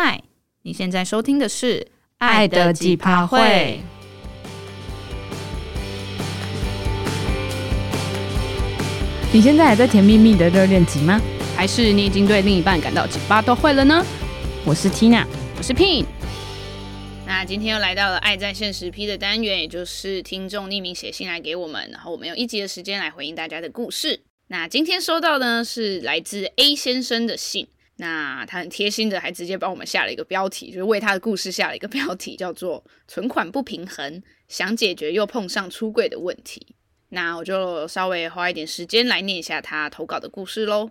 愛，你現在收聽的是《愛的奇葩會》。你現在還在甜蜜蜜的熱戀期嗎？還是你已經對另一半感到奇葩都會了呢？我是 Tina，我是 Pin。那今天又來到了《愛在線實 P 的單元，也就是聽眾匿名寫信來給我們，然後我們用一集的時間來回應大家的故事。那今天收到呢，是來自 A 先生的信。那他很貼心的，還直接幫我們下了一個標題，就是為他的故事下了一個標題，叫做“存款不平衡，想解決又碰上出櫃的問題”。那我就稍微花一點時間來念一下他投稿的故事嘍。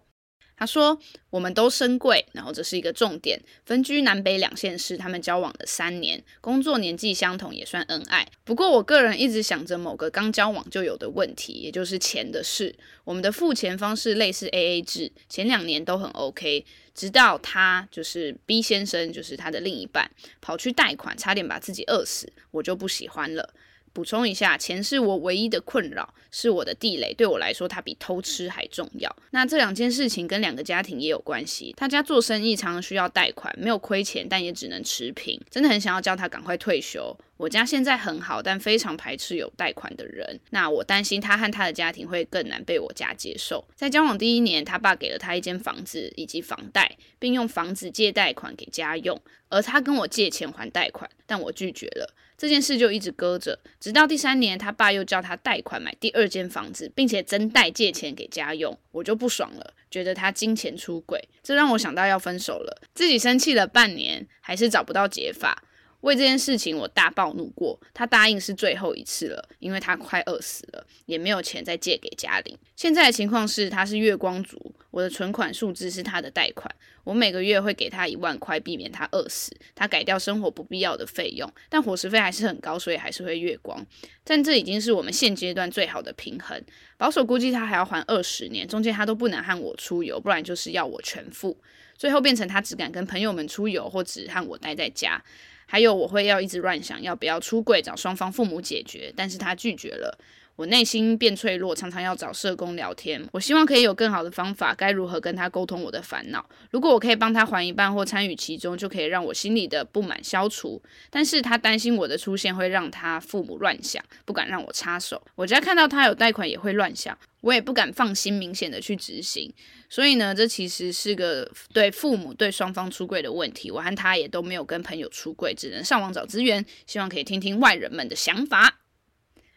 他說：“我們都深櫃，然後這是一個重點。分居南北兩縣市，他們交往了三年，工作年紀相同，也算恩愛。不過我個人一直想着某個剛交往就有的問題，也就是錢的事。我們的付錢方式類似 AA 制，前兩年都很 OK。”直到他就是 B 先生，就是他的另一半跑去貸款，差點把自己餓死，我就不喜歡了。補充一下，錢是我唯一的困擾，是我的地雷，對我來說它比偷吃還重要。那這兩件事情跟兩個家庭也有關係。他家做生意，常常需要貸款，沒有虧錢，但也只能持平。真的很想要叫他趕快退休。我家現在很好，但非常排斥有貸款的人。那我擔心他和他的家庭會更難被我家接受。在交往第一年，他爸給了他一間房子以及房貸，並用房子借貸款給家用，而他跟我借錢還貸款，但我拒絕了。這件事就一直擱着，直到第三年，他爸又叫他貸款買第二間房子，並且真貸借錢給家用，我就不爽了，覺得他金錢出軌，這讓我想到要分手了。自己生氣了半年，還是找不到解法。為這件事情，我大暴怒過。他答應是最後一次了，因為他快餓死了，也沒有錢再借給家裡。現在的情況是，他是月光族，我的存款數字是他的貸款。我每個月會給他一萬塊，避免他餓死。他改掉生活不必要的費用，但伙食費還是很高，所以還是會月光。但這已經是我們現階段最好的平衡。保守估計，他還要還二十年，中間他都不能和我出遊，不然就是要我全付。最後變成他只敢跟朋友們出遊，或者只和我待在家。還有我會要一直亂想，要不要出櫃找雙方父母解決，但是他拒絕了，我內心變脆弱，常常要找社工聊天。我希望可以有更好的方法，該如何跟他溝通我的煩惱？如果我可以幫他還一半或參與其中，就可以讓我心裡的不滿消除。但是他擔心我的出現會讓他父母亂想，不敢讓我插手。我家看到他有貸款也會亂想。我也不敢放心明顯的去執行，所以呢，這其實是個對父母對雙方出櫃的問題。我和他也都沒有跟朋友出櫃，只能上網找資源，希望可以聽聽外人們的想法。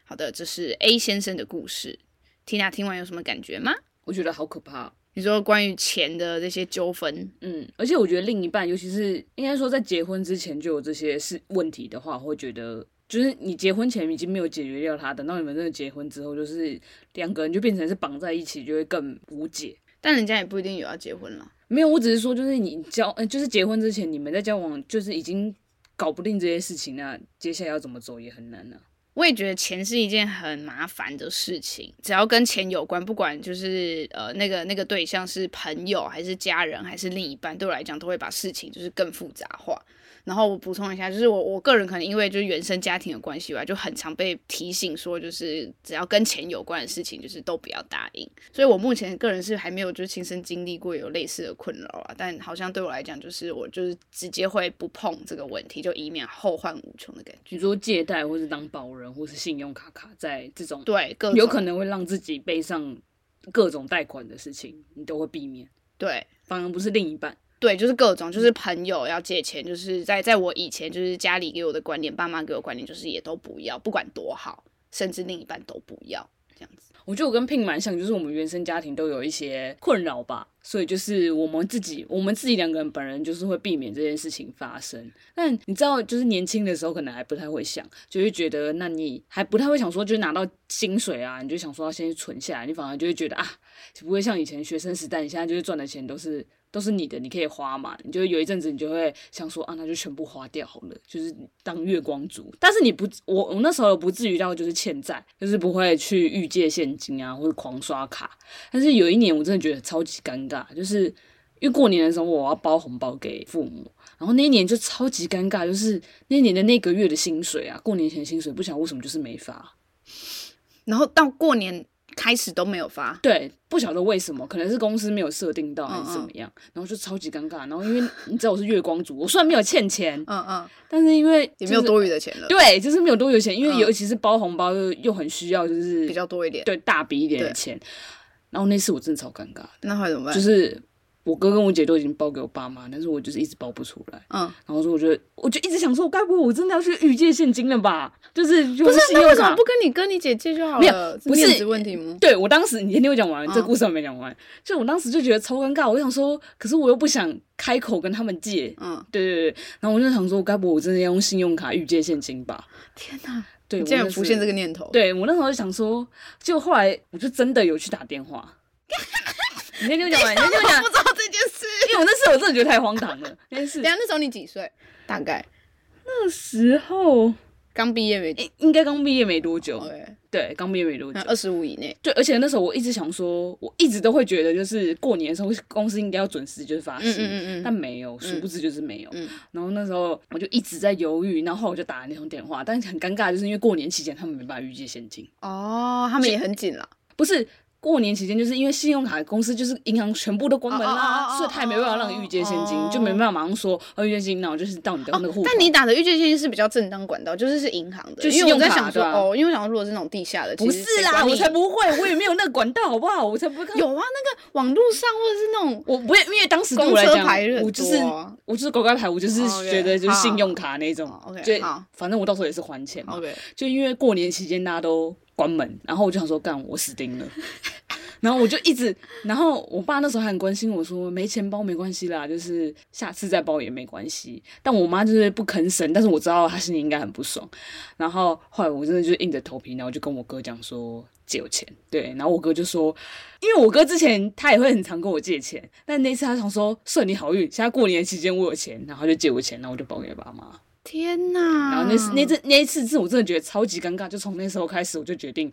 好的，這是 A 先生的故事，Tina 聽完有什麼感覺嗎？我覺得好可怕。你說關於錢的這些糾紛，嗯，而且我覺得另一半，尤其是應該說在結婚之前就有這些事問題的話，我會覺得。就是你結婚前已經沒有解決掉他，等到你們真的結婚之後，就是兩個人就變成是綁在一起，就會更無解。但人家也不一定有要結婚了。沒有，我只是說，就是你交，就是結婚之前你們在交往，就是已經搞不定這些事情了、啊，接下來要怎麼走也很難呢、啊？我也覺得錢是一件很麻煩的事情，只要跟錢有關，不管就是呃那個那個對象是朋友還是家人還是另一半，對我來講都會把事情就是更複雜化。然後我補充一下，就是我我個人可能因為就是原生家庭的關係吧，就很常被提醒說，就是只要跟錢有關的事情，就是都不要答應。所以我目前個人是還沒有就親身經歷過有類似的困擾啊，但好像對我來講，就是我就是直接會不碰這個問題，就以免後患無窮的感覺。你說借貸，或是當保人，或是信用卡卡債，在這種對，更有可能會讓自己背上各種貸款的事情，你都會避免。對，反而不是另一半。對，就是各種，就是朋友要借錢，就是在在我以前，就是家裡給我的觀念，爸媽給我觀念，就是也都不要，不管多好，甚至另一半都不要這樣子。我覺得我跟 Pin 蠻像，就是我們原生家庭都有一些困擾吧，所以就是我們自己，我們自己兩個人本人就是會避免這件事情發生。但你知道，就是年輕的時候可能還不太會想，就會覺得那你還不太會想說，就是拿到薪水啊，你就想說要先存下來，你反而就會覺得啊，不會像以前學生時代，你現在就是賺的錢都是。都是你的，你可以花嘛，你就有一陣子，你就會想說啊，那就全部花掉了，就是當月光族。但是你不，我我那時候不至於到就是欠債，就是不會去預借現金啊，或者狂刷卡。但是有一年，我真的覺得超級尷尬，就是因為過年的時候我要包紅包給父母，然後那一年就超級尷尬，就是那年的那個月的薪水啊，過年前薪水，不曉得為什麼就是沒發，然後到過年，開始都沒有發，對，不曉得為什麼，可能是公司沒有設定到，還是怎麼樣，嗯嗯、然後就超級尷尬。然後因為你知道我是月光族， 我雖然沒有欠錢，嗯嗯，但是因為、就是、也沒有多餘的錢了，對，就是沒有多餘的錢，因為尤其是包紅包又又很需要，就是、嗯、比較多一點，對，大筆一點的錢。然後那次我真的超尷尬，那後來怎麼辦？就是。我哥跟我姐都已經包給我爸媽，但是我就是一直包不出來。嗯，然後說我就我就一直想說，我該不會我真的要去預借現金了吧？就是用信用卡，不是，那為什麼不跟你哥、你姐借就好了？不是，是問題嗎？欸、對我當時，你先聽我講完，嗯、這個、故事還沒講完。就我當時就覺得超尷尬，我就想說，可是我又不想開口跟他們借。嗯，對對對。然後我就想說，該不會我真的要用信用卡預借現金吧？天哪！對，竟然浮現這個念頭。我就是、對我那時候就想說，就後來我就真的有去打電話。 你先聽我講完，你怎麼不知道這件事？因為我那時候我真的覺得太荒唐了。 那件事等下，那時候你幾歲？大概那時候剛畢業沒，應該剛畢業沒多久。Okay. 對，剛畢業沒多久。二十五以內。對，而且那時候我一直想說，我一直都會覺得就是過年的時候公司應該要準時就是發薪、嗯嗯嗯，但沒有，殊不知就是沒有、嗯嗯。然後那時候我就一直在猶豫，然後我就打了那通電話，但是很尷尬，就是因為過年期間他們沒辦法預借現金。哦，他們也很緊了。不是。過年期間就是因為信用卡的公司就是銀行全部都關門啦，oh, oh, oh, oh, oh, oh, oh, oh, 所以他也沒辦法讓你預借現金，oh, oh, oh, oh, oh. 就沒辦法馬上說預借現金，那我就是到你的那個戶。Oh, 但你打的預借現金是比較正當管道，就是是銀行的，就是信用卡、啊、因為我在想說、啊。哦，因為我想說如果是那種地下的，不是啦，我才不會， 我也沒有那個管道，好不好？我才不會看。有啊，那個網絡上或者是那種……我不，因為當時對我來講，我就是、啊、我就是乖乖牌，我就是覺得就是信用卡那種。對、okay. okay.，反正我到時候也是還錢嘛。就因為過年期間大家都。關門，然後我就想說，幹我死定了。 然後我就一直，然後我爸那時候還很關心我說，沒錢包沒關係啦，就是下次再包也沒關係。但我媽就是不吭聲，但是我知道她心裡應該很不爽。然後後來我真的就硬着頭皮，然後就跟我哥講說借我錢。對，然後我哥就說，因為我哥之前他也會很常跟我借錢，但那次他想說，算你好運，現在過年期間我有錢，然後他就借我錢，然後我就包給爸媽。天吶！然後那次那次那一次是我真的覺得超級尷尬，就從那時候開始，我就決定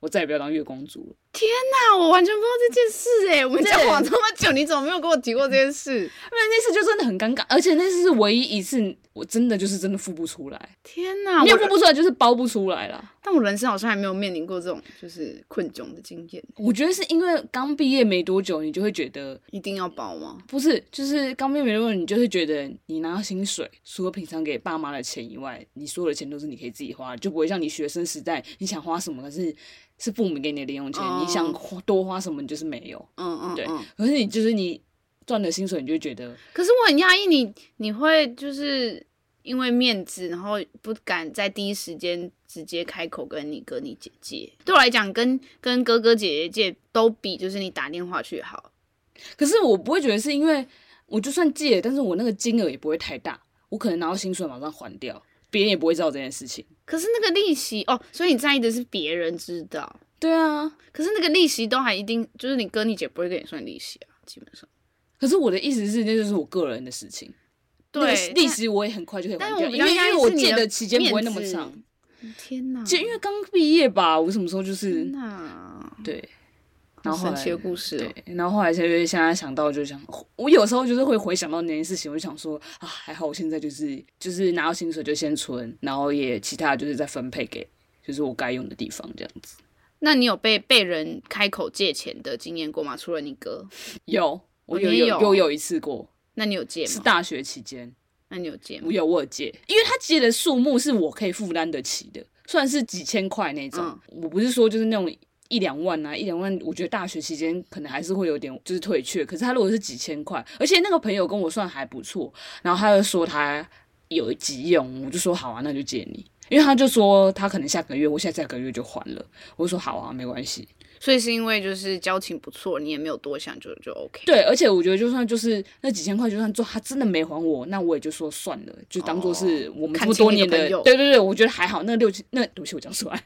我再也不要當月公主了。天吶，我完全不知道這件事誒、欸， 我們交往這麼久， 你怎麼沒有跟我提過這件事？因 為那次就真的很尷尬，而且那次是唯一一次。我真的就是真的付不出來，天哪！你也付不出來就是包不出來啦。我但我人生好像還沒有面臨過這種就是困窘的經驗。我覺得是因為剛畢業沒多久，你就會覺得一定要包嗎？不是，就是剛畢業沒多久，你就會覺得你拿到薪水，除了平常給爸媽的錢以外，你所有的錢都是你可以自己花，就不會像你學生時代，你想花什麼可是是父母給你的零用錢，嗯、你想花多花什麼你就是沒有。嗯嗯，嗯，對，可是你就是你。賺的薪水你就覺得，可是我很壓抑你，你會就是因為面子，然後不敢在第一時間直接開口跟你哥、你姐借。對我來講，跟跟哥哥姐姐借都比就是你打電話去好。可是我不會覺得是因為我就算借，但是我那個金額也不會太大，我可能拿到薪水馬上還掉，別人也不會知道這件事情。可是那個利息哦，所以你在意的是別人知道。對啊，可是那個利息都還一定就是你哥你姐不會跟你算利息啊，基本上。可是我的意思是，這就是我個人的事情。對，利息我也很快就可以還掉，因為因為我借的期間不會那麼長。天哪！就因為剛畢業吧，我什麼時候就是？那對。然後，後來。一些故事，喔對。然後後來現在想到就想，我有時候就是會回想到那件事情，我就想說啊，還好我現在就是就是拿到薪水就先存，然後也其他就是再分配給就是我該用的地方這樣子。那你有被被人開口借錢的經驗過嗎？除了你哥， 有。我有也有又有一次過。那你有借嗎？是大學期間，那你有借嗎？我有，我有借，因為他借的數目是我可以負擔得起的，算是幾千塊那種，嗯。我不是說就是那種一兩萬啊，一兩萬，我覺得大學期間可能還是會有點就是退卻。可是他如果是幾千塊，而且那個朋友跟我算還不錯，然後他又說他有急用，我就說好啊，那就借你。因為他就說他可能下個月，我現在下個月就還了，我說好啊，沒關係。所以是因為就是交情不錯，你也沒有多想，就就 OK。對，而且我覺得就算就是那幾千塊，就算做他真的沒還我，那我也就說算了，就當做是我們這麼多年的。對對對，我覺得還好。那六千那，對不起，我講錯，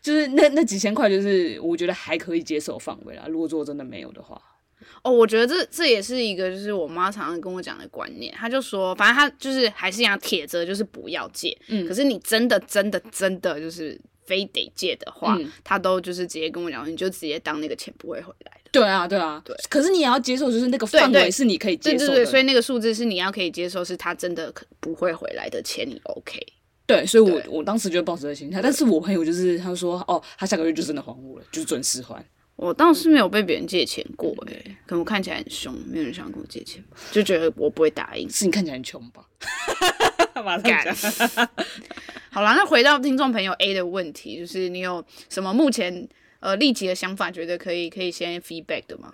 就是那那幾千塊，就是我覺得還可以接受範圍啦，如果做真的沒有的話，哦，我覺得這這也是一個就是我媽常常跟我講的觀念，她就說反正她就是還是講鐵則，就是不要借。嗯。可是你真的真的真的就是。非得借的話，嗯，他都就是直接跟我講，你就直接當那個錢不會回來的。對啊，對啊，對。可是你也要接受，就是那個範圍是你可以接受的，對對對對對所以那個數字是你要可以接受，是他真的可不會回來的錢，你 OK。對，所以我，我我當時就保持的心態，但是我朋友就是他就說，哦，他下個月就真的還我了，就準時還。我倒是沒有被別人借錢過。欸嗯，可能我看起來很兇，沒有人想跟我借錢，就覺得我不會答應。是你看起來很窮吧？哈哈哈哈哈，馬上講。 好啦，那回到聽眾朋友 A 的問題，就是你有什麼目前呃立即的想法，覺得可以可以先 feedback 的嗎？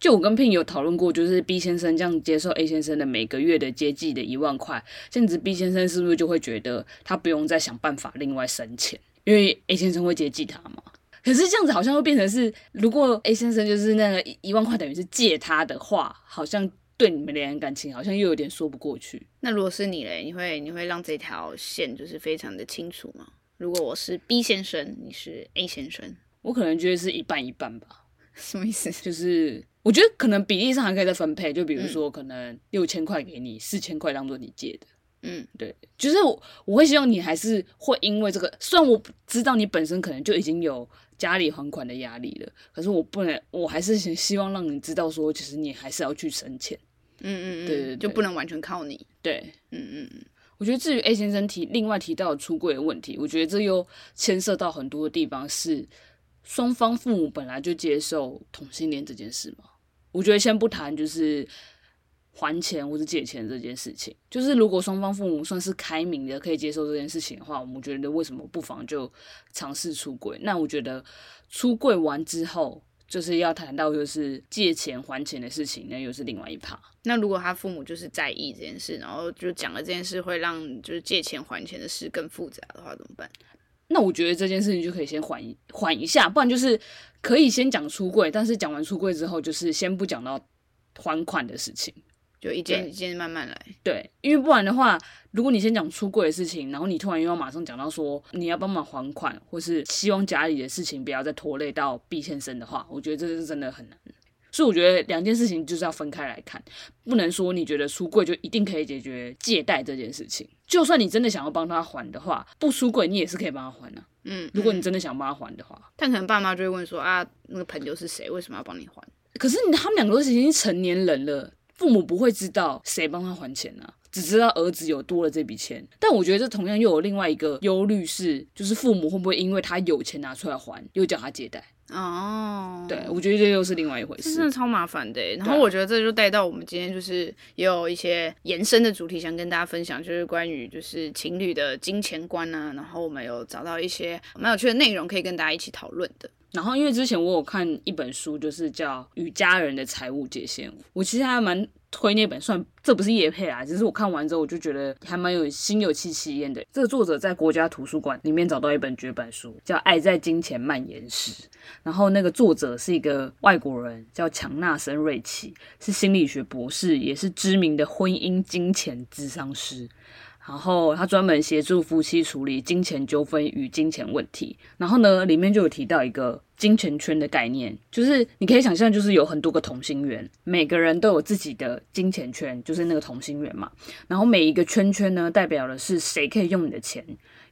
就我跟 Pin 有討論過，就是 B 先生這樣接受 A 先生的每個月的接濟的一萬塊，甚至 B 先生是不是就會覺得他不用再想辦法另外生錢，因為 A 先生會接濟他嘛？可是這樣子好像會變成是，如果 A 先生就是那個一萬塊等於是借他的話，好像對你們兩個人感情好像又有點說不過去。那如果是你嘞，你會你會讓這條線就是非常的清楚嗎？如果我是 B 先生，你是 A 先生，我可能覺得是一半一半吧。 什麼意思？就是我覺得可能比例上還可以再分配，就比如說可能六千塊給你，四千塊當做你借的。嗯，對，就是我我會希望你還是會因為這個，雖然我知道你本身可能就已經有。家裡還款的壓力了，可是我不能，我還是希希望讓你知道，說其實你還是要去省錢，嗯嗯嗯，對，對，對就不能完全靠你，對，嗯嗯嗯，我覺得至於 A 先生提另外提到的出櫃的問題，我覺得這又牽涉到很多的地方是雙方父母本來就接受同性戀這件事嘛。我覺得先不談，就是。還錢或者借錢這件事情，就是如果雙方父母算是開明的，可以接受這件事情的話，我們覺得為什麼不妨就嘗試出櫃？那我覺得出櫃完之後，就是要談到就是借錢還錢的事情，那又是另外一趴。那如果他父母就是在意這件事，然後就講了這件事會讓就是借錢還錢的事更複雜的話，怎麼辦？那我覺得這件事情就可以先緩緩一下，不然就是可以先講出櫃，但是講完出櫃之後，就是先不講到還款的事情。就一件一件慢慢來。對，因為不然的話，如果你先講出櫃的事情，然後你突然又要馬上講到說你要幫忙還款，或是希望家裡的事情不要再拖累到畢先生的話，我覺得這是真的很難。所以我覺得兩件事情就是要分開來看，不能說你覺得出櫃就一定可以解決借貸這件事情。就算你真的想要幫他還的話，不出櫃你也是可以幫他還的啊。嗯，嗯，如果你真的想幫他還的話，但可能爸媽就會問說，啊，那個朋友是誰？為什麼要幫你還？可是他們兩個都已經成年人了。父母不會知道誰幫他還錢呢、啊，只知道兒子有多了這筆錢。但我覺得這同樣又有另外一個憂慮是，就是父母會不會因為他有錢拿出來還，又叫他借貸？哦、oh.，對，我覺得這又是另外一回事，真的超麻煩的。然後我覺得這就帶到我們今天就是也有一些延伸的主題想跟大家分享，就是關於就是情侶的金錢觀啊。然後我們有找到一些蠻有趣的內容可以跟大家一起討論的。然後，因為之前我有看一本書，就是叫《與家人的財務界限》。我其實還蠻推那本，算這不是業配啊，只是我看完之後，我就覺得還蠻有心有戚戚焉的。這個作者在國家圖書館裡面找到一本絕版書，叫《愛在金錢蔓延時》嗯。然後那個作者是一個外國人，叫強納森·瑞奇，是心理學博士，也是知名的婚姻金錢諮商師。然後他專門協助夫妻處理金錢糾紛與金錢問題。然後呢，裡面就有提到一個金錢圈的概念，就是你可以想象，就是有很多個同心圓，每個人都有自己的金錢圈，就是那個同心圓嘛。然後每一個圈圈呢，代表的是誰可以用你的錢。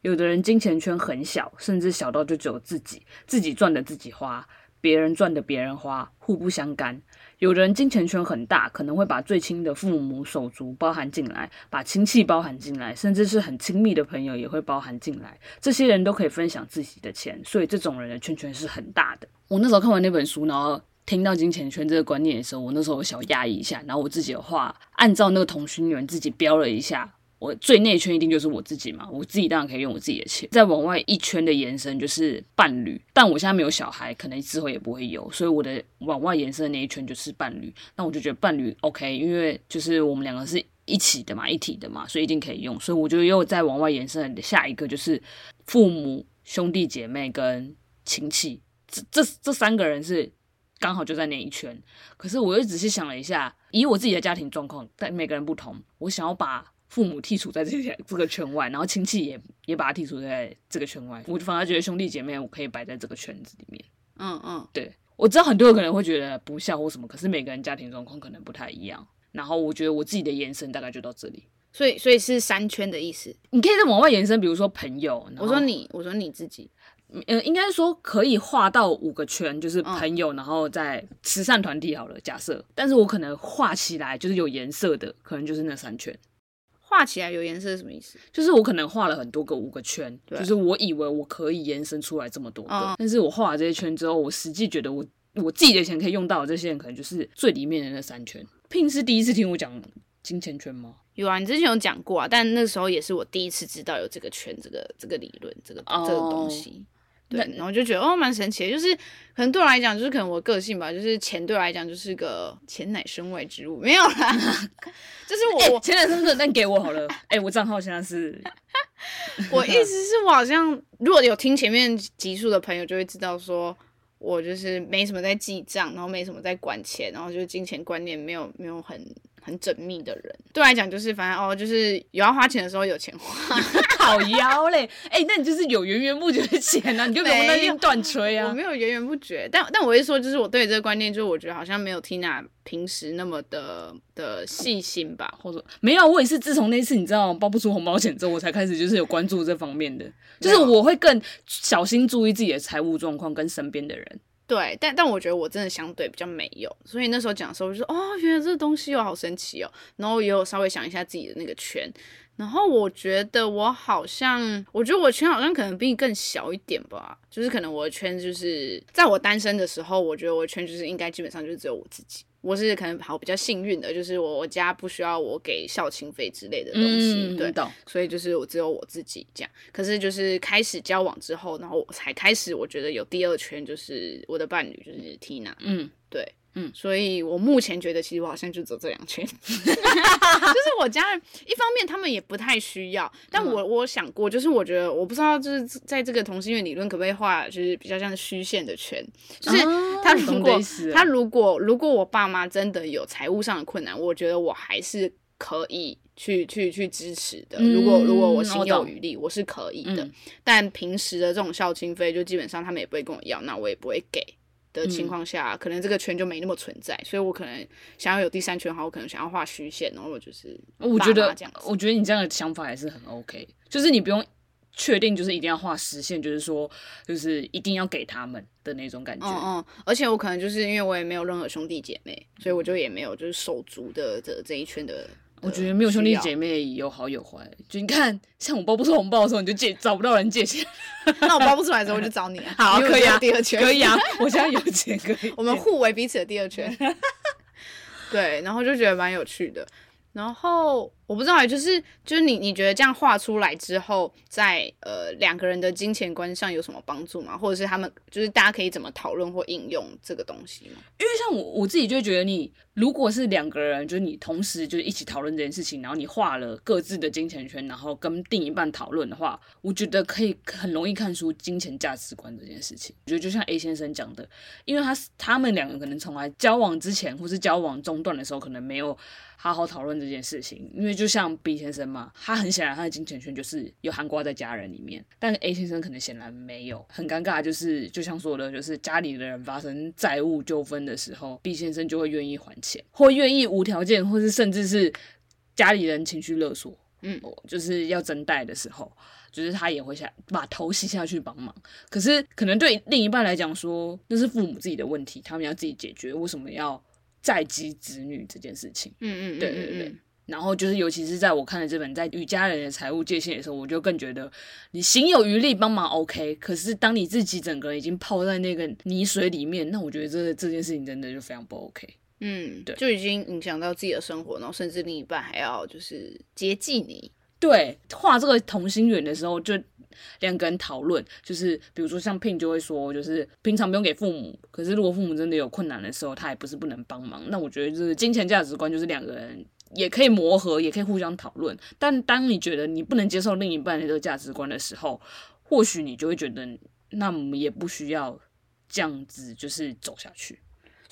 有的人金錢圈很小，甚至小到就只有自己，自己賺的自己花，別人賺的別人花，互不相干。有人金錢圈很大，可能會把最親的父母、手足包含進來，把親戚包含進來，甚至是很親密的朋友也會包含進來。這些人都可以分享自己的錢，所以這種人的圈圈是很大的。我那時候看完那本書，然後聽到金錢圈這個觀念的時候，我那時候我小壓抑一下，然後我自己的話，按照那個同心圓自己標了一下。我最內圈一定就是我自己嘛，我自己當然可以用我自己的錢。再往外一圈的延伸就是伴侶，但我現在沒有小孩，可能之後也不會有，所以我的往外延伸的那一圈就是伴侶。那我就覺得伴侶 OK，因為就是我們兩個是一起的嘛，一體的嘛，所以一定可以用。所以我就又再往外延伸的下一個就是父母、兄弟姐妹跟親戚，這這這三個人是剛好就在那一圈。可是我又仔細想了一下，以我自己的家庭狀況，但每個人不同，我想要把父母剔除在這些這個圈外，然後親戚也也把他剔除在這個圈外。我就反而覺得兄弟姐妹我可以擺在這個圈子裡面。嗯嗯，對，我知道很多人可能會覺得不孝或什麼，可是每個人家庭狀況可能不太一樣。然後我覺得我自己的延伸大概就到這裡。所以所以是三圈的意思。你可以再往外延伸，比如說朋友。我說你，我說你自己，嗯，應該說可以畫到五個圈，就是朋友，嗯、然後在慈善團體好了，假設。但是我可能畫起來就是有顏色的，可能就是那三圈。畫起來有顏色是什麼意思？就是我可能畫了很多個五個圈，就是我以為我可以延伸出來這麼多個，哦、但是我畫了這些圈之後，我實際覺得我我自己的錢可以用到的這些人，可能就是最裡面的那三圈。Pin 是第一次聽我講金錢圈嗎？有啊，你之前有講過啊，但那時候也是我第一次知道有這個圈，這個這個理論，這個、哦、這個東西。對，然後就覺得哦，蠻神奇的，就是可能對我來講，就是可能我個性吧，就是錢對我來講就是個錢乃身外之物，沒有啦， 就是我錢、欸、乃身外之物，那給我好了。哎、 欸，我賬號現在是， 我意思是我好像如果有聽前面集數的朋友就會知道，說我就是沒什麼在記賬，然後沒什麼在管錢，然後就金錢觀念沒有沒有很。很縝密的人，對來講就是反正哦，就是有要花錢的時候有錢花，靠腰嘞。哎、欸，那你就是有源源不絕的錢呢、啊，你就我那邊斷吹啊有？我沒有源源不絕，但但我一說就是我對這個觀念，就是我覺得好像沒有 Tina 平時那麼的的細心吧，或者沒有。我也是自從那次你知道我包不出紅包錢之後，我才開始就是有關注這方面的，就是我會更小心注意自己的財務狀況跟身邊的人。對，但但我覺得我真的相對比較沒有，所以那時候講的時候我就說，哦，原來這個東西又好神奇哦，然後也有稍微想一下自己的那個圈，然後我覺得我好像，我覺得我圈好像可能比你更小一點吧，就是可能我的圈就是在我單身的時候，我覺得我的圈就是應該基本上就是只有我自己。我是可能好比較幸運的，就是我家不需要我給孝親費之類的東西，嗯、對，所以就是我只有我自己這樣。可是就是開始交往之後，然後我才開始我覺得有第二圈，就是我的伴侶就是 Tina，嗯，對。嗯，所以我目前覺得，其實我好像就走這兩圈， 就是我家人一方面他們也不太需要，但我我想過，就是我覺得我不知道，就是在這個同心圓理論可不可以畫，就是比較像虛線的圈，就是他如果、哦啊、他如果如果，如果我爸媽真的有財務上的困難，我覺得我還是可以去去去支持的。嗯、如果如果我心有餘力我，我是可以的。嗯、但平時的這種孝親費，就基本上他們也不會跟我要，那我也不會給。的情況下，嗯，可能這個圈就沒那麼存在，所以我可能想要有第三圈的話，我可能想要畫虛線，然後我就是我覺得我覺得你這樣的想法還是很 OK，就是你不用確定，就是一定要畫實線，就是說就是一定要給他們的那種感覺。嗯，嗯，而且我可能就是因為我也沒有任何兄弟姐妹，所以我就也沒有就是手足的的這，嗯，這一圈的。呃、我覺得沒有兄弟姐妹有好有壞，就你看，像我包不出紅包的時候，你就借 找不到人借錢， 那我包不出來的時候，我就找你，好可以啊， 啊第二圈。可以啊，可以啊 我現在有錢可以， 我們互為彼此的第二圈， 對，然後就覺得蠻有趣的，然後。我不知道，就是就是你你覺得這樣畫出來之後，在呃兩個人的金錢觀上有什麼幫助嗎？或者是他們就是大家可以怎麼討論或應用這個東西嗎？因為像我我自己就覺得你，如果是兩個人，就是你同時就是一起討論這件事情，然後你畫了各自的金錢圈，然後跟另一半討論的話，我覺得可以很容易看出金錢價值觀這件事情。我覺得就像 A 先生講的，因為他他們兩個可能從來交往之前或是交往中斷的時候，可能沒有好好討論這件事情，因為就。就像 B 先生嘛，他很顯然他的金錢圈就是有涵蓋在家人裡面，但 A 先生可能顯然沒有，很尷尬。就是就像說的，就是家裡的人發生債務糾紛的時候，B 先生就會願意還錢，或願意無條件，或是甚至是家裡人情緒勒索，嗯，哦、就是要爭貸的時候，就是他也會想把頭洗下去幫忙。可是可能對另一半來講說，那是父母自己的問題，他們要自己解決，為什麼要債及子女這件事情？嗯嗯嗯，嗯，對對對，對。然後就是，尤其是在我看了這本在與家人的財務界限的時候，我就更覺得你行有餘力幫忙 OK，可是當你自己整個人已經泡在那個泥水裡面，那我覺得這這件事情真的就非常不 OK。嗯，對，就已經影響到自己的生活，然後甚至另一半還要就是接濟你。對，畫這個同心圓的時候，就兩個人討論，就是比如說像 Pin 就會說，就是平常不用給父母，可是如果父母真的有困難的時候，他也不是不能幫忙。那我覺得，就是金錢價值觀，就是兩個人。也可以磨合，也可以互相討論，但當你覺得你不能接受另一半的這個價值觀的時候，或許你就會覺得，那我們也不需要這樣子，就是走下去。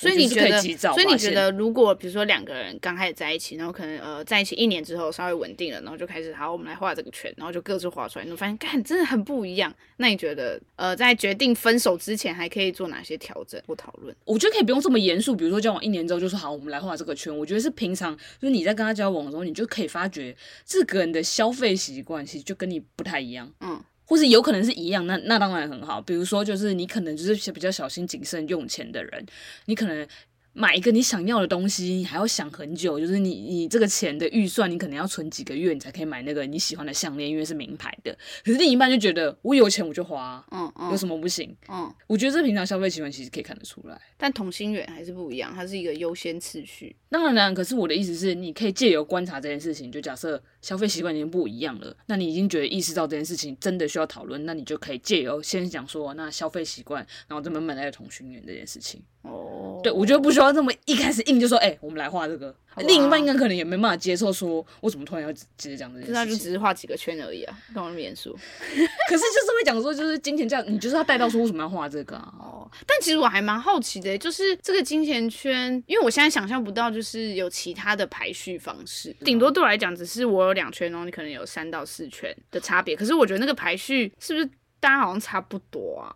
所以你覺得，以所以你覺得，如果比如說兩個人剛開始在一起，然後可能呃在一起一年之後稍微穩定了，然後就開始好，我們來畫這個圈，然後就各自畫出來，你會發現看真的很不一樣。那你覺得呃在決定分手之前還可以做哪些調整或討論？我覺得可以不用這麼嚴肅，比如說交往一年之後就說好，我們來畫這個圈。我覺得是平常就是你在跟他交往的時候，你就可以發覺這個人的消費習慣其實就跟你不太一樣。嗯。或是有可能是一樣，那那當然很好。比如說，就是你可能就是比較小心謹慎用錢的人，你可能買一個你想要的東西，你還要想很久。就是你你這個錢的預算，你可能要存幾個月，你才可以買那個你喜歡的項鏈因為是名牌的。可是另一半就覺得，我有錢我就花，嗯，嗯，有什麼不行？嗯，我覺得這平常消費習慣其實可以看得出來。但同心圓還是不一樣，它是一個優先次序。當然，可是我的意思是，你可以借由觀察這件事情，就假設。消費習慣已經不一樣了，那你已經覺得意識到這件事情真的需要討論，那你就可以借由先講說那消費習慣，然後再慢慢來的同心圓這件事情。哦、oh.，對，我覺得不需要這麼一開始硬就說，哎、欸，我們來畫這個。好好，另一半應該可能也沒辦法接受，說為什麼突然要直接講這件事情？那就只是畫幾個圈而已啊，幹嘛那麼嚴肅。 可是就是會講說，就是金錢這樣，你就是要帶到說為什麼要畫這個啊？哦。但其實我還蠻好奇的，就是這個金錢圈，因為我現在想象不到，就是有其他的排序方式。頂多對我來講，只是我有兩圈、喔，然後你可能有三到四圈的差別、哦。可是我覺得那個排序是不是大家好像差不多啊？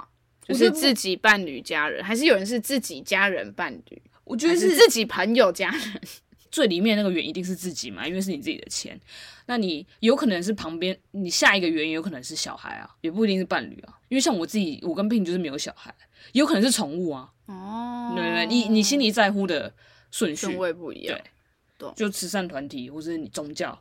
就是自己伴侶、家人，還是有人是自己、家人、伴侶？我覺得是自己、朋友、家人。 最裡面那個圓一定是自己嘛，因為是你自己的錢。那你有可能是旁邊，你下一個圓有可能是小孩啊，也不一定是伴侶啊。因為像我自己，我跟 Pin 就是沒有小孩，有可能是寵物啊。哦，對對，你你心裡在乎的順序不一樣，對，就慈善團體或者你宗教，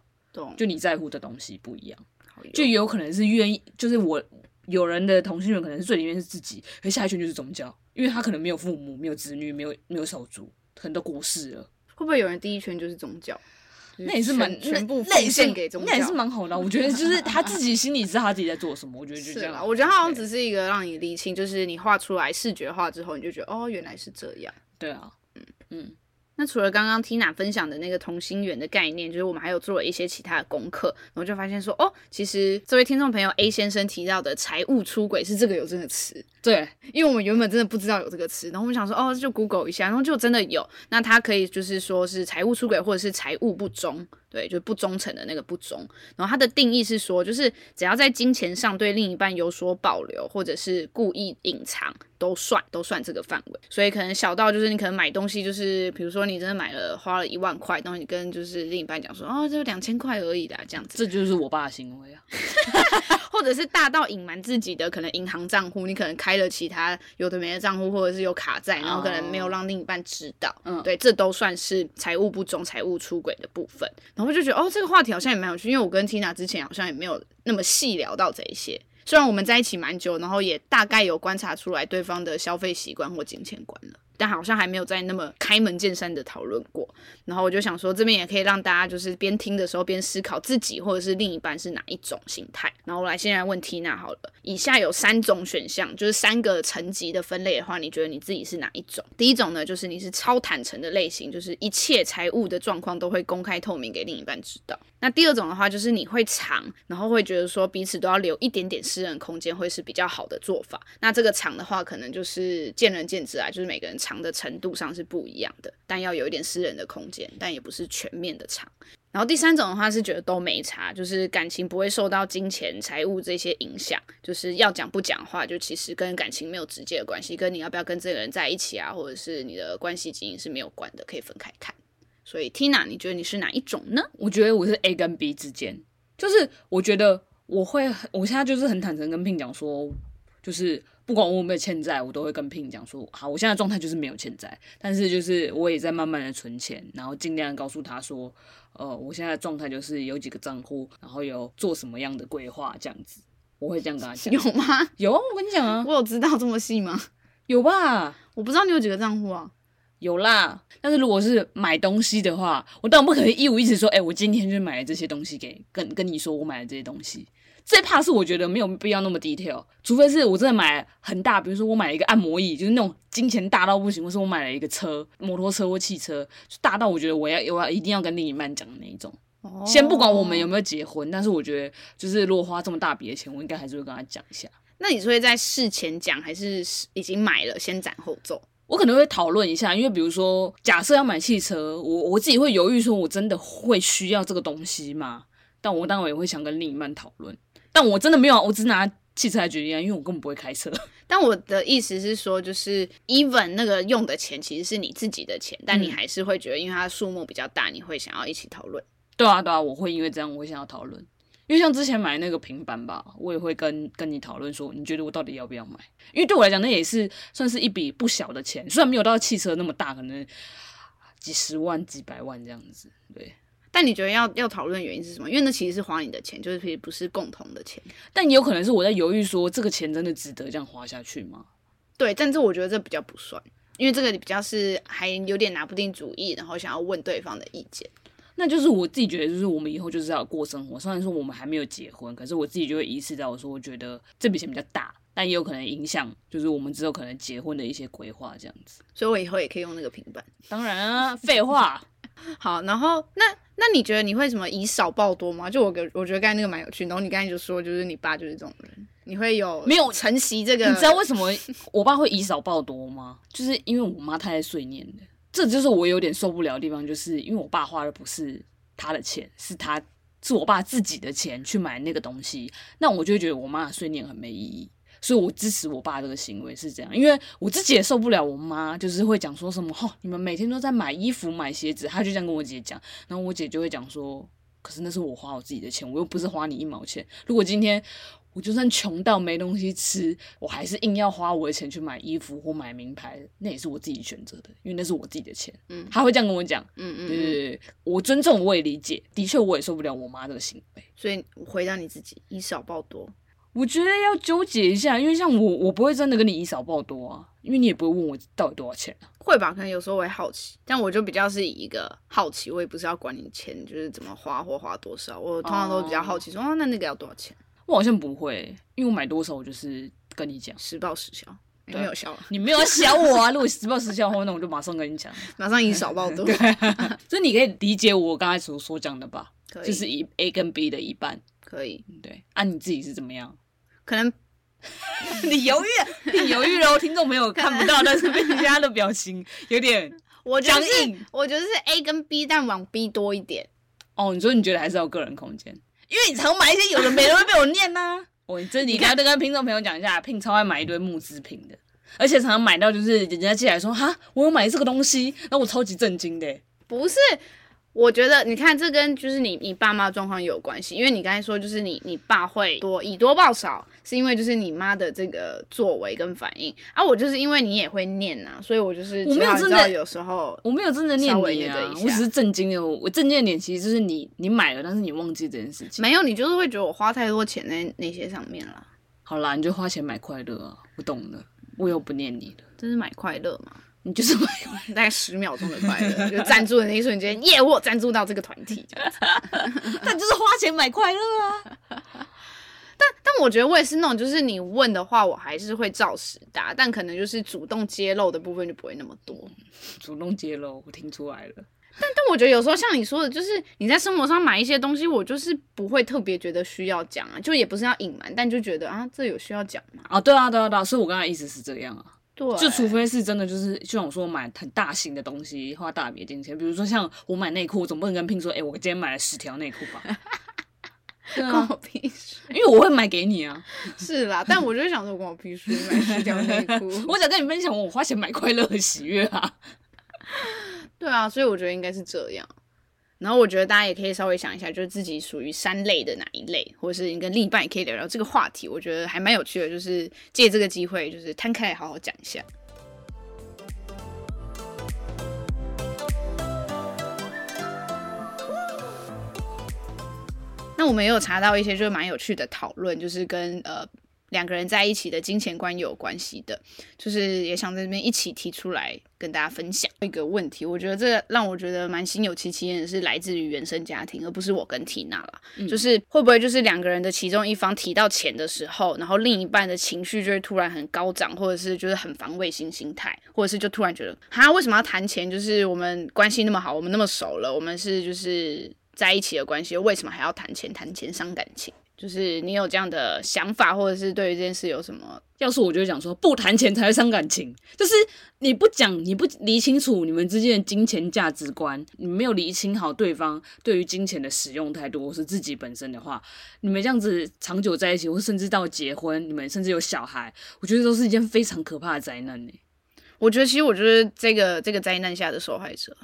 就你在乎的東西不一樣，有就有可能是願意，就是我有人的同性戀，可能是最裡面是自己，而下一圈就是宗教，因為他可能沒有父母，沒有子女，沒有沒有手足，可能都過世了。會不會有人第一圈就是宗教？就是、全那也是蠻全部奉獻給宗教，那也是蠻好的。我覺得就是他自己心裡知道他自己在做什麼。 我覺得就這樣。是我覺得他好像只是一個讓你釐清，就是你畫出來視覺化之後，你就覺得哦，原來是這樣。對啊，嗯嗯。那除了剛剛 Tina 分享的那個同心圓的概念，就是我們還有做了一些其他的功課，然後就發現說，哦，其實這位聽眾朋友 A 先生提到的財務出軌是這個有真的詞。對，因為我們原本真的不知道有這個詞，然後我們想說，哦，就 Google 一下，然後就真的有。那它可以就是說是財務出軌或者是財務不忠，對，就是不忠誠的那個不忠。然後它的定義是說，就是只要在金錢上對另一半有所保留或者是故意隱藏，都算都算這個範圍。所以可能小到就是你可能買東西，就是比如說你真的買了花了一萬塊然後你跟就是另一半講說，哦，就兩千塊而已啦這樣子。這就是我爸的行為啊。 或者是大到隱瞞自己的可能銀行賬戶，你可能開。開了其他有的沒的賬戶，或者是有卡債，然後可能沒有讓另一半知道，嗯，對，這都算是財務不忠、財務出軌的部分。然後我就覺得，哦，這個話題好像也蠻有趣，因為我跟 Tina 之前好像也沒有那麼細聊到這一些，雖然我們在一起蠻久，然後也大概有觀察出來對方的消費習慣或金錢觀了。但好像還沒有在那麼開門見山的討論過，然後我就想說這邊也可以讓大家就是邊聽的時候邊思考自己或者是另一半是哪一種心態。然後我來現在問緹娜好了，以下有三種選項，就是三個層級的分類的話，你覺得你自己是哪一種？第一種呢，就是你是超坦誠的類型，就是一切財務的狀況都會公開透明給另一半知道。那第二種的話，就是你會藏，然後會覺得說彼此都要留一點點私人空間會是比較好的做法。那這個藏的話，可能就是見仁見智啊，就是每個人，長的程度上是不一樣的，但要有一點私人的空間，但也不是全面的長。然後第三種的話是覺得都沒差，就是感情不會受到金錢、財務這些影響，就是要講不講話，就其實跟感情沒有直接的關係，跟你要不要跟這個人在一起啊，或者是你的關係經營是沒有關的，可以分開看。所以 Tina，你覺得你是哪一種呢？我覺得我是 A 跟 B 之間，就是我覺得我會，我現在就是很坦誠跟 Pin 講說，就是。不管我有沒有欠債，我都會跟 Pin 講說，好，我現在狀態就是沒有欠債，但是就是我也在慢慢的存錢，然後盡量告訴他說，呃，我現在狀態就是有幾個賬戶，然後有做什麼樣的規劃，這樣子，我會這樣跟他講。有嗎？有，我跟你講啊，我有知道這麼細嗎？有吧？我不知道你有幾個賬戶啊？有啦，但是如果是買東西的話，我當然不可能一五一十說，哎、欸，我今天就買了這些東西給跟跟你說我買了這些東西。最怕是我覺得沒有必要那麼 detail，除非是我真的買很大，比如說我買了一個按摩椅，就是那種金錢大到不行，或是我買了一個車、摩托車或汽車，就大到我覺得我要我要一定要跟另一半講的那一種。Oh. 先不管我們有沒有結婚，但是我覺得就是如果花這麼大筆的錢，我應該還是會跟他講一下。那你是會在事前講，還是已經買了先斬後奏？我可能會討論一下，因為比如說假設要買汽車，我我自己會猶豫說我真的會需要這個東西嗎？但我當然我也會想跟另一半討論。但我真的沒有，我只拿汽車來舉例啊，因為我根本不會開車。但我的意思是說，就是 even 那個用的錢其實是你自己的錢，嗯、但你還是會覺得，因為它數目比較大，你會想要一起討論。對啊，對啊，我會因為這樣，我會想要討論。因為像之前買那個平板吧，我也會跟跟你討論說，你覺得我到底要不要買？因為對我來講，那也是算是一筆不小的錢，雖然沒有到汽車那麼大，可能幾十萬、幾百萬這樣子，對。但你覺得要要討論的原因是什麼？因為那其實是花你的錢，就是可以不是共同的錢。但也有可能是我在猶豫，說這個錢真的值得這樣花下去嗎？對，但是我覺得這比較不算，因為這個比較是還有點拿不定主意，然後想要問對方的意見。那就是我自己覺得，就是我們以後就是要過生活。雖然說我們還沒有結婚，可是我自己就會意識到，我說我覺得這筆錢比較大，但也有可能影響，就是我們之後可能結婚的一些規劃這樣子。所以我以後也可以用那個平板。當然啊，廢話。 好，然後那那你覺得你會什麼以少報多嗎？就我覺得，我覺得剛才那個蠻有趣。然後你剛才就說，就是你爸就是這種人，你會有、這個、沒有承襲這個？你知道為什麼我爸會以少報多嗎？ 就是因為我媽太愛碎念了，這就是我有點受不了的地方，就是因為我爸花的不是他的錢，是他是我爸自己的錢去買那個東西，那我就覺得我媽的碎念很沒意義。所以，我支持我爸這個行為是這樣，因為我自己也受不了我媽。我媽就是會講說什麼，哦，你們每天都在買衣服、買鞋子，他就這樣跟我姐講，然後我姐就會講說，可是那是我花我自己的錢，我又不是花你一毛錢。如果今天我就算窮到沒東西吃，我還是硬要花我的錢去買衣服或買名牌，那也是我自己選擇的，因為那是我自己的錢。嗯，他會這樣跟我講，嗯對對對，就是，我尊重，我也理解，的確我也受不了我媽這個行為。所以，我回答你自己，以少報多。我覺得要糾結一下，因為像我，我不會真的跟你以少報多啊，因為你也不會問我到底多少錢。會吧？可能有時候我會好奇，但我就比較是以一個好奇，我也不是要管你錢就是怎麼花或花多少。我通常都比較好奇說，哦啊、那那個要多少錢？我好像不會，因為我買多少我就是跟你講實報實銷，沒有銷、啊，你沒有銷我啊。 如果實報實銷的話，那我就馬上跟你講，馬上以少報多。 對，所以 你可以理解我剛才所講的吧？就是以 A 跟 B 的一半。可以。對，按、啊、你自己是怎麼樣？可能 你猶豫，你猶豫了。聽眾朋友看不到，但是被人家的表情有點僵硬，我覺得。我覺得是 A 跟 B，但往 B 多一點。哦，你說你覺得還是要個人空間，因為你常買一些有的沒的會被我念吶、啊。我、 哦、這你一定跟聽眾朋友講一下，Pin 超愛買一堆木制品的，而且常常買到就是人家寄來說哈，我有買這個東西，那我超級震驚的、欸。不是，我覺得你看這跟就是你你爸媽狀況有關係，因為你剛才說就是你你爸會多以多報少。是因為就是你媽的這個作為跟反應啊，我就是因為你也會念吶、啊，所以我就是你知道有時候，我沒有真的有時候，我沒有真的念你、啊，我只是震驚了，我我震驚的點其實就是你你買了，但是你忘記這件事情，沒有，你就是會覺得我花太多錢在那些上面了。好啦，你就花錢買快樂啊，我懂了，我又不念你了，這是買快樂嘛，你就是買大概十秒鐘的快樂， 就贊助的那一瞬間，耶、 yeah,，我贊助到這個團體，他、就是、 就是花錢買快樂啊。但但我覺得我也是那種，就是你問的話，我還是會照實答、啊，但可能就是主動揭露的部分就不會那麼多。主動揭露，我聽出來了。但但我覺得有時候像你說的，就是你在生活上買一些東西，我就是不會特別覺得需要講啊，就也不是要隱瞞，但就覺得啊，這有需要講嗎？啊、哦，對啊，對啊，所以，我剛才意思是這樣啊。對。就除非是真的，就是就像我說，我買很大型的東西，花大筆金錢，比如說像我買內褲，我總不能跟 Pin 說，哎、欸，我今天買了十條內褲吧。 我屁事，啊！因為我會買給你啊， 是啦，但我就想說我，我 屁事，買三條內褲，我想跟你分享，我花錢買快樂和喜悅啊。 對啊，所以我覺得應該是這樣。然後我覺得大家也可以稍微想一下，就是自己屬於三類的哪一類，或者是你跟另一半也可以聊聊這個話題。我覺得還蠻有趣的，就是借這個機會，就是攤開來好好講一下。但我們也有查到一些就是蠻有趣的討論，就是跟呃兩個人在一起的金錢觀有關係的，就是也想在這邊一起提出來跟大家分享一個問題。我覺得這讓我覺得蠻心有戚戚焉的是來自於原生家庭，而不是我跟緹娜啦。就是會不會就是兩個人的其中一方提到錢的時候，然後另一半的情緒就會突然很高漲，或者是就是很防衛心心態，或者是就突然覺得，哈，為什麼要談錢？就是我們關係那麼好，我們那麼熟了，我們是就是。在一起的關係，又為什麼還要談錢？談錢傷感情。就是你有這樣的想法，或者是對於這件事有什麼？要是我就講說，不談錢才會傷感情，就是你不講，你不理清楚你們之間的金錢價值觀，你沒有理清好對方對於金錢的使用態度，或是自己本身的話，你們這樣子長久在一起，或甚至到結婚，你們甚至有小孩，我覺得都是一件非常可怕的災難呢、欸。我覺得其實我覺得這個這個災難下的受害者。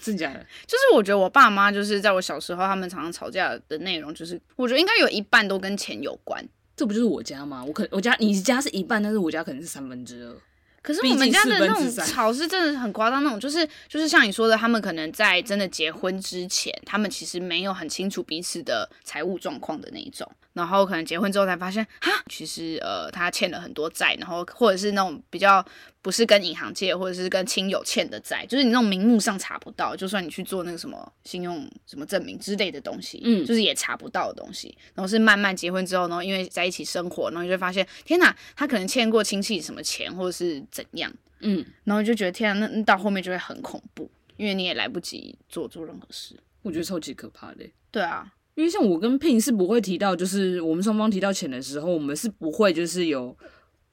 真假的？ 就是我覺得我爸媽就是在我小時候，他們常常吵架的內容，就是我覺得應該有一半都跟錢有關。這不就是我家嗎？我可我家，你家是一半，但是我家可能是三分之二。可是我們家的那種吵是真的很誇張，那種就是就是像你說的，他們可能在真的結婚之前，他們其實沒有很清楚彼此的財務狀況的那一種，然後可能結婚之後才發現，哈，其實呃他欠了很多債，然後或者是那種比較。不是跟銀行借，或者是跟親友欠的債，就是你那種名目上查不到，就算你去做那個什麼信用什麼證明之類的東西，嗯，就是也查不到的東西。然後是慢慢結婚之後，然後因為在一起生活，然後你就發現，天哪，他可能欠過親戚什麼錢，或者是怎樣，嗯，然後就覺得天哪那，那到後面就會很恐怖，因為你也來不及做做任何事。我覺得超級可怕的。對啊，因為像我跟 Pin 是不會提到，就是我們雙方提到錢的時候，我們是不會就是有。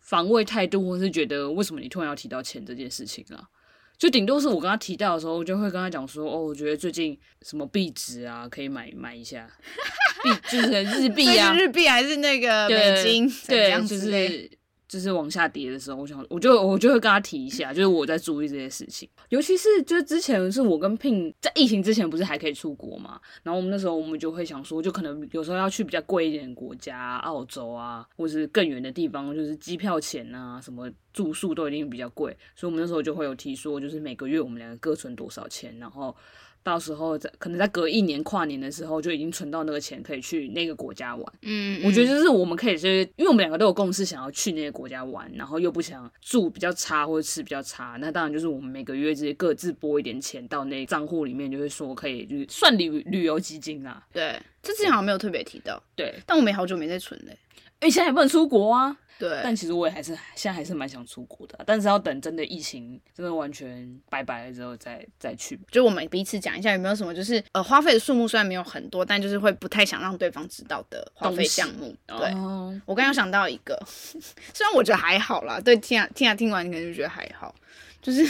防衛態度，或是覺得為什麼你突然要提到錢這件事情啊？就頂多是我跟他提到的時候，我就會跟他講說，哦，我覺得最近什麼幣值啊，可以買買一下，幣就是日幣啊， 是日幣還是那個美金，對，怎麼這樣子之類對，就是。就是往下跌的時候，我想我就我就會跟他提一下，就是我在注意這些事情，尤其是就是之前是我跟 Pin 在疫情之前不是還可以出國嘛，然後我們那時候我們就會想說，就可能有時候要去比較貴一點的國家，澳洲啊，或者是更遠的地方，就是機票錢啊，什麼住宿都一定比較貴，所以我們那時候就會有提說，就是每個月我們兩個各存多少錢，然後。到時候在可能在隔一年跨年的時候，就已經存到那個錢，可以去那個國家玩。嗯，嗯，我覺得就是我們可以就是，因為我們兩個都有共識，想要去那些國家玩，然後又不想住比較差或者吃比較差，那當然就是我們每個月直接各自撥一點錢到那個賬戶裡面，就會說可以就是算旅旅遊基金啦、啊。對，這之前好像沒有特別提到。對，但我沒好久沒再存嘞。為、欸、現在也不能出國啊。對。但其實我也還是現在還是蠻想出國的，但是要等真的疫情真的完全拜拜了之後再再去。就我們彼此講一下有沒有什麼就是呃花費的數目雖然沒有很多，但就是會不太想讓對方知道的花費項目。對。哦、我剛剛想到一個，雖然我覺得還好啦，對，聽下、啊、聽下、啊、聽完你可能就覺得還好。就是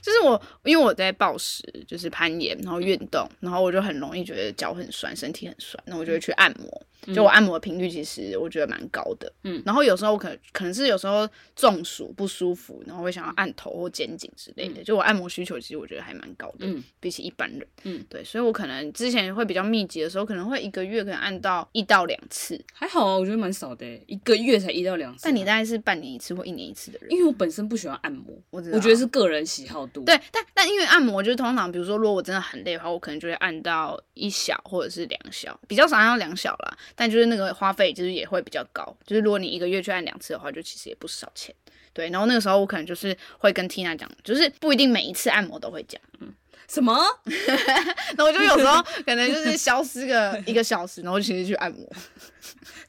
就是我因為我在暴食，就是攀岩然後運動，然後我就很容易覺得腳很酸，身體很酸，那我就會去按摩。嗯就我按摩的頻率，其實我覺得蠻高的、嗯，然後有時候我可能可能是有時候中暑不舒服，然後會想要按頭或肩頸之類的。就我按摩需求，其實我覺得還蠻高的、嗯，比起一般人，嗯，對，所以我可能之前會比較密集的時候，可能會一個月可能按到一到兩次，還好啊，我覺得蠻少的、欸，一個月才一到兩次、啊。但你大概是半年一次或一年一次的人？因為我本身不喜歡按摩，我知道，我覺得是個人喜好度。對，但但因為按摩，我覺得通常比如說如果我真的很累的話，我可能就會按到一小或者是兩小，比較少按到兩小啦。但就是那個花費，就是也會比較高。就是如果你一個月去按兩次的話，就其實也不少錢。對，然後那個時候我可能就是會跟 Tina 講，就是不一定每一次按摩都會講。嗯。什麼？ 然後我就有時候可能就是消失個一個小時， 然後其實去按摩。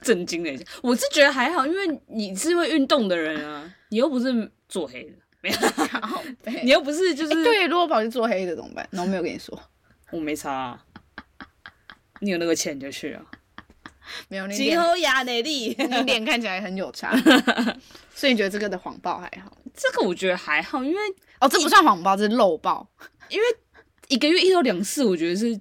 震驚了一下，我是覺得還好，因為你是會運動的人啊，你又不是做黑的，沒有，你又不是就是、欸、對，如果跑去做黑的怎麼辦？那我沒有跟你說，我沒差、啊。你有那個錢就去啊。沒有你臉，其後你， 你臉看起來很有差，所以你覺得這個的謊報還好？這個我覺得還好，因為哦，這不算謊報，這是漏報，因為一個月一到兩次，我覺得是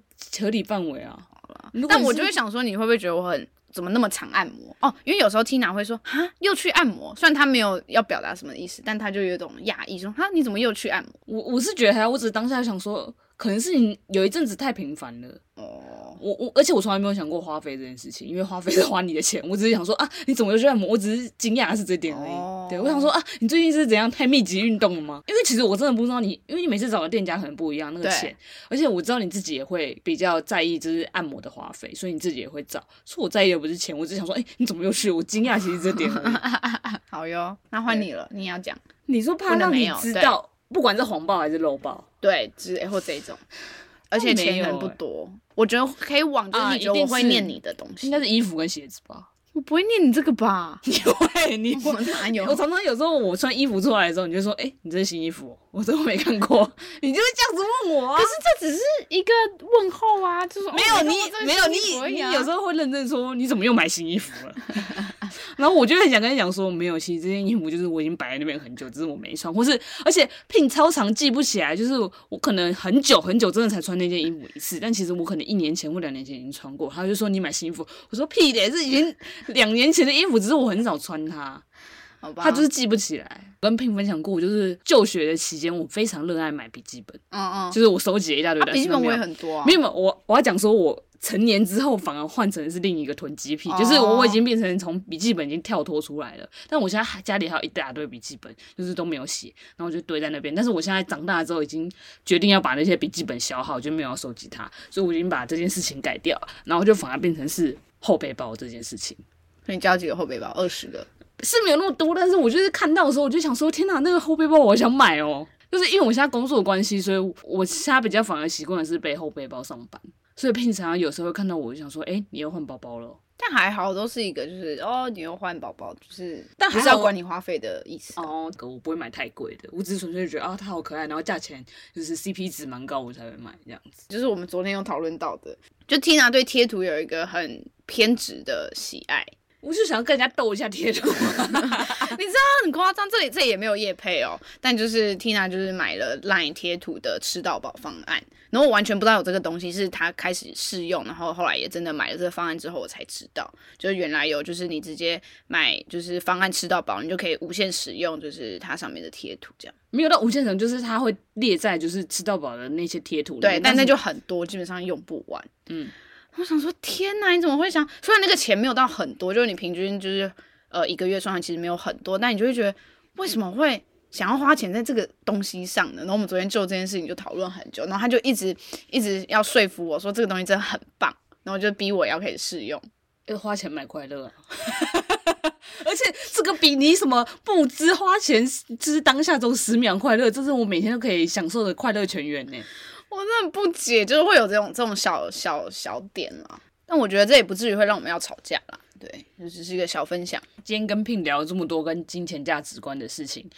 合理範圍啊。好啦，但我就會想說，你會不會覺得我很怎麼那麼常按摩？哦，因為有時候 Tina 會說哈，又去按摩，雖然他沒有要表達什麼意思，但他就有一種訝異，說哈，你怎麼又去按摩？我我是覺得還，我只是當下想說。可能是你有一陣子太頻繁了哦、oh.，我我而且我從來沒有想過花費這件事情，因為花費是花你的錢，我只是想說啊，你怎麼又去按摩？我只是驚訝是這點而已。Oh. 對，我想說啊，你最近是怎樣，太密集運動了嗎？因為其實我真的不知道你，因為你每次找的店家可能不一樣，那個錢。而且我知道你自己也會比較在意就是按摩的花費，所以你自己也會找。說我在意的不是錢，我只想說，哎、欸，你怎麼又去？我驚訝其實這點。 好喲，那換你了，你要講。你說怕讓你知道，不，不管是謊報還是漏報。對，就是、欸、或是這種，而且錢也不多、欸。我覺得可以往這裡一定會念你的東西，應該是衣服跟鞋子吧。我不會念你這個吧？ 你會？你會，我哪有？我常常有時候我穿衣服出來的時候，你就說：“哎、欸，你這是新衣服。”我說：“我沒看過。”你就會這樣子問我、啊。可是這只是一個問候啊，就是沒有你，沒有、哦、你，啊、你你有時候會認真說：“你怎麼又買新衣服了？” 然後我就很想跟他講說，沒有，其實這件衣服就是我已經擺在那邊很久，只是我沒穿，或是，而且 Pin 超常記不起來，就是我可能很久很久真的才穿那件衣服一次，但其實我可能一年前或兩年前已經穿過。他就說，你買新衣服，我說，屁的，是已經兩年前的衣服， 只是我很少穿它。好吧，他就是記不起來。我跟 Pin 分享過，我就是就學的期間，我非常熱愛買筆記本。嗯嗯，就是我收集了一大堆的、啊啊，筆記本我也很多、啊。沒有，我我要講說我。成年之後，反而換成是另一個囤積癖，oh. 就是我已經變成從筆記本已經跳脫出來了。但我現在還家裡還有一大堆筆記本，就是都沒有寫，然後就堆在那邊。但是我現在長大之後，已經決定要把那些筆記本消耗，就沒有要收集它，所以我已經把這件事情改掉然後就反而變成是後背包這件事情。所以你交幾個後背包？二十個是沒有那麼多，但是我就是看到的時候，我就想說，天哪、啊，那個後背包我想買哦。就是因為我現在工作的關係，所以我現在比較反而習慣的是背後背包上班。所以平常有時候會看到我就想說，哎、欸，你又換包包了。但還好都是一個，就是哦，你又換包包，就是但還是要管你花費的意思。哦，可我不會買太貴的，我只是純粹覺得啊、哦，它好可愛，然後價錢就是 CP 值蠻高，我才會買這樣子。就是我們昨天有討論到的，就 Tina 對貼圖有一個很偏執的喜愛。我就想要跟人家逗一下貼圖， 你知道很誇張，這裡這裡也沒有業配哦、喔，但就是 Tina 就是買了 LINE 貼圖的吃到飽方案，然後我完全不知道有這個東西，是他開始試用，然後後來也真的買了這個方案之後，我才知道，就是原來有，就是你直接買就是方案吃到飽，你就可以無限使用，就是它上面的貼圖這樣，沒有到無限層，就是它會列在就是吃到飽的那些貼圖裡面，對，但那就很多，基本上用不完，嗯。我想說，天哪，你怎麼會想？雖然那個錢沒有到很多，就是你平均就是呃一個月算上，其實沒有很多，但你就會覺得為什麼會想要花錢在這個東西上呢？然後我們昨天就這件事情就討論很久，然後他就一直一直要說服我說，這個東西真的很棒，然後就逼我要可以試用，因為花錢買快樂，啊， 而且這個比你什麼不知花錢，就是當下這種，十秒快樂，這是我每天都可以享受的快樂泉源呢。我真的不解，就是會有這種這種小小小點啊，但我覺得這也不至於會讓我們要吵架啦。對，就只是一個小分享。今天跟 Pin 聊了這麼多跟金錢價值觀的事情，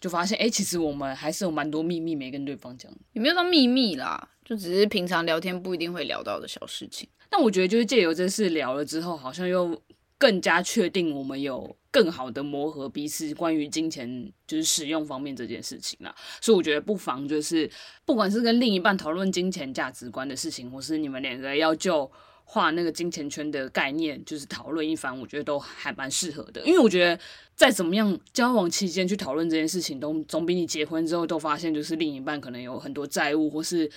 就發現哎，其實我們還是有蠻多秘密沒跟對方講，也沒有什麼秘密啦，就只是平常聊天不一定會聊到的小事情。但我覺得就是借由這事聊了之後，好像又。更加確定我們有更好的磨合彼此關於金錢就是使用方面這件事情啦，所以我覺得不妨就是不管是跟另一半討論金錢價值觀的事情，或是你們兩個要就畫那個金錢圈的概念就是討論一番，我覺得都還蠻適合的。因為我覺得在怎麼樣交往期間去討論這件事情，都總比你結婚之後都發現就是另一半可能有很多債務，或是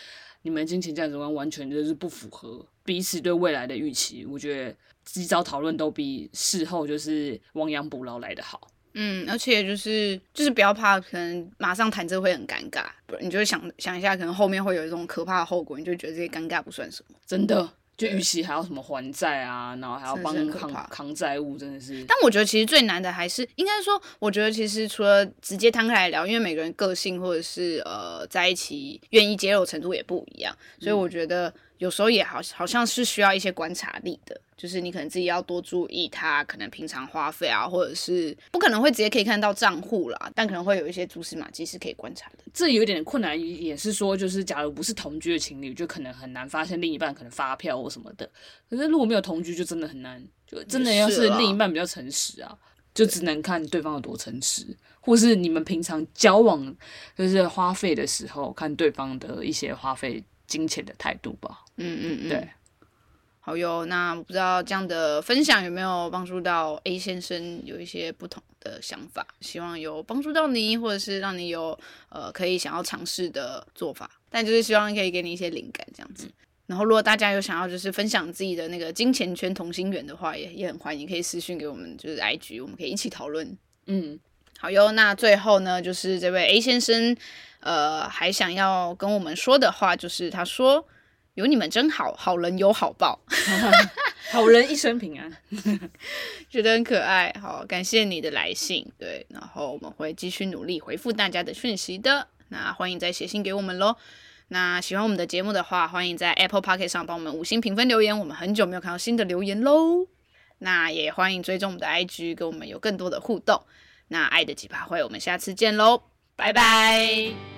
你們金錢價值觀完全就是不符合。彼此對未來的預期，我覺得及早討論都比事後就是，亡羊補牢來得好。嗯，而且就是就是不要怕，可能馬上談這會很尷尬，不你就想想一下，可能後面會有一種可怕的後果，你就覺得這些尷尬不算什麼。真的，就預期還要什麼還債啊，然後還要幫人扛扛債務，真的是。但我覺得其實最難的還是，應該說，我覺得其實除了直接攤開來聊，因為每個人個性或者是呃在一起願意接受程度也不一樣，嗯、所以我覺得。有時候也好好像是需要一些觀察力的，就是你可能自己要多注意他可能平常花費啊，或者是不可能會直接可以看到賬戶啦，但可能會有一些蛛絲馬迹是可以觀察的。這有點困難，也是說，就是假如不是同居的情侶，就可能很難發現另一半可能發票或什麼的。可是如果沒有同居，就真的很難，就真的要是另一半比較誠實啊，啊，就只能看對方有多誠實，或是你們平常交往就是花費的時候，看對方的一些花費。金錢的態度吧。嗯嗯嗯，對。好喲，那我不知道這樣的分享有沒有幫助到 A 先生有一些不同的想法，希望有幫助到你，或者是讓你有呃可以想要嘗試的做法。但就是希望可以給你一些靈感這樣子。嗯、然後，如果大家有想要就是分享自己的那個金錢圈同心圓的話，也也很歡迎可以私訊給我們，就是 IG，我們可以一起討論。嗯，好喲，那最後呢，就是這位 A 先生。呃，還想要跟我們說的話就是，他說有你們真好，好人有好報， 好人一生平安， 覺得很可愛。好，感謝你的來信，對，然後我們會繼續努力回復大家的訊息的。那歡迎再寫信給我們嘍。那喜歡我們的節目的話，歡迎在 Apple Podcast 上幫我們五星評分留言，我們很久沒有看到新的留言嘍。那也歡迎追蹤我們的 IG，跟我們有更多的互動。那愛的幾趴火，我們下次見嘍，拜拜。